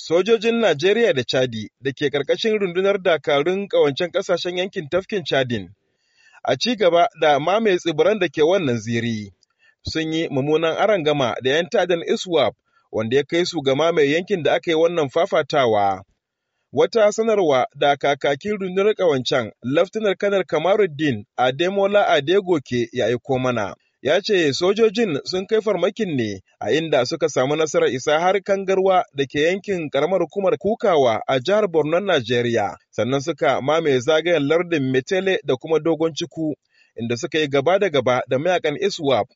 Sojojin Najeriya da Chadi da ke ƙarƙashin rundunar dakarun ƙawancen ƙasashen yankin tafkin Chadin a ci gaba da mai tsibiran da ke wannan ziri sun yi mummunan gama da 'yan tadin ISWAP wanda ya kai su ga mai yankin da aka yi wannan fafatawa. Wata sanarwa da kakakin rundunar ƙawancen Laftanar Kanar Kamaruddin Ademola Adegoke ya aiko mana. ya ce sojojin sun kai farmakin ne a inda suka samu nasarar isa har kangarwa da ke yankin karamar hukumar kukawa a jihar borno najeriya sannan suka mamaye zagayen lardin metele da kuma dogon ciku inda suka yi gaba da gaba da mayakan iswap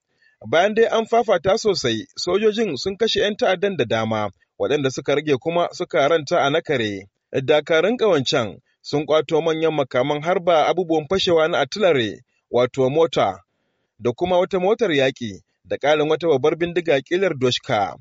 bayan dai an fafata sosai sojojin sun kashe 'yan ta'addan da dama waɗanda suka rage kuma suka ranta a nakare dakarun ƙawancen sun kwato manyan makaman harba abubuwan fashewa na atilare wato mota da kuma wata motar yaƙi da ƙarin wata babbar bindiga ƙilar Doshka.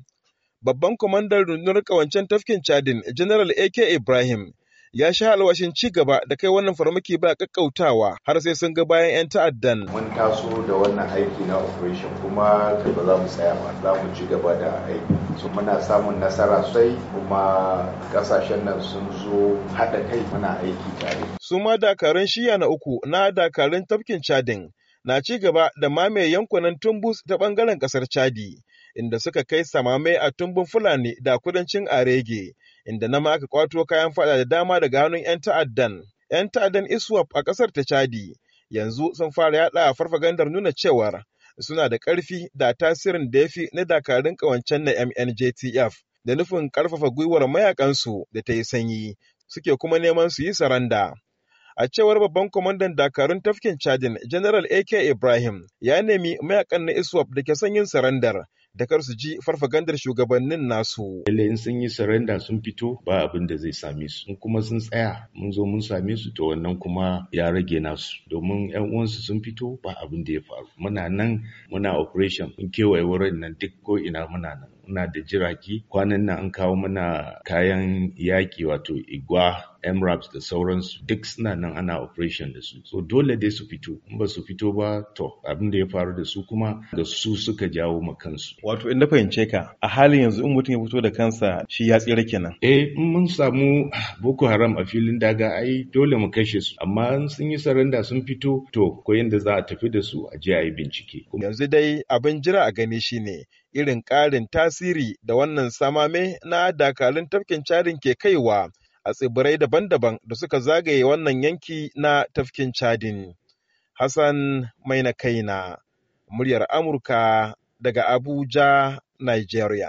Babban kwamandan rundunar ƙawancen tafkin Chadin, General AK Ibrahim, ya sha alwashin ci gaba da kai wannan farmaki ba ƙaƙƙautawa. har sai sun ga bayan 'yan ta'addan. Mun taso da wannan aiki na operation kuma ba za mu tsaya ba za mu ci gaba da aiki. So muna samun nasara sai kuma ƙasashen nan sun zo haɗa kai muna aiki tare. Su ma dakarun shiya na uku na dakarun tafkin Chadin na ci gaba da mamaye yankunan Tumbus ta ɓangaren ƙasar Chadi, inda suka kai samame a Tumbun Fulani da kudancin Arege, inda nama aka kwato kayan fada da dama daga hannun 'yan ta'addan. 'Yan ta'addan Iswap a ƙasar ta Chadi yanzu sun fara yaɗa farfagandar nuna cewar suna da ƙarfi da tasirin da ya fi na dakarun ƙawancen na MNJTF da nufin ƙarfafa gwiwar mayakansu da ta yi sanyi, suke kuma neman su yi saranda. A cewar babban kwamandan dakarun tafkin Chadin, General AK Ibrahim, ya nemi mayakan na ISWAP da ke sanyin sarandar da kar su ji farfagandar shugabannin nasu. Lalle in sun yi saranda sun fito ba abin da zai same su. in kuma sun tsaya mun zo mun same su to wannan kuma ya rage nasu domin yan uwansu sun fito ba abin da ya faru. Muna nan muna operation mun kewaye wurin nan duk ko ina muna nan. muna da jiraki kwanan nan an kawo mana kayan yaki wato igwa MRAPs da sauransu duk suna nan ana operation da su. So dole dai su fito, in ba su fito ba to abin da ya faru da su kuma da su suka jawo ma kansu. Wato in na fahimce ka a halin yanzu in mutum ya fito da kansa shi ya tsira kenan. Eh in mun samu Boko Haram a filin daga ai dole mu kashe su amma sun yi saranda sun fito to ko yanda za a tafi da su a je a yi bincike. Yanzu dai abin jira a gani shine irin ƙarin tasiri da wannan samame na dakalin tafkin cadin ke kaiwa a tsibirai daban-daban da suka zagaye wannan yanki na tafkin cadin. Hassan Maina Kaina, muryar Amurka daga Abuja, Nigeria.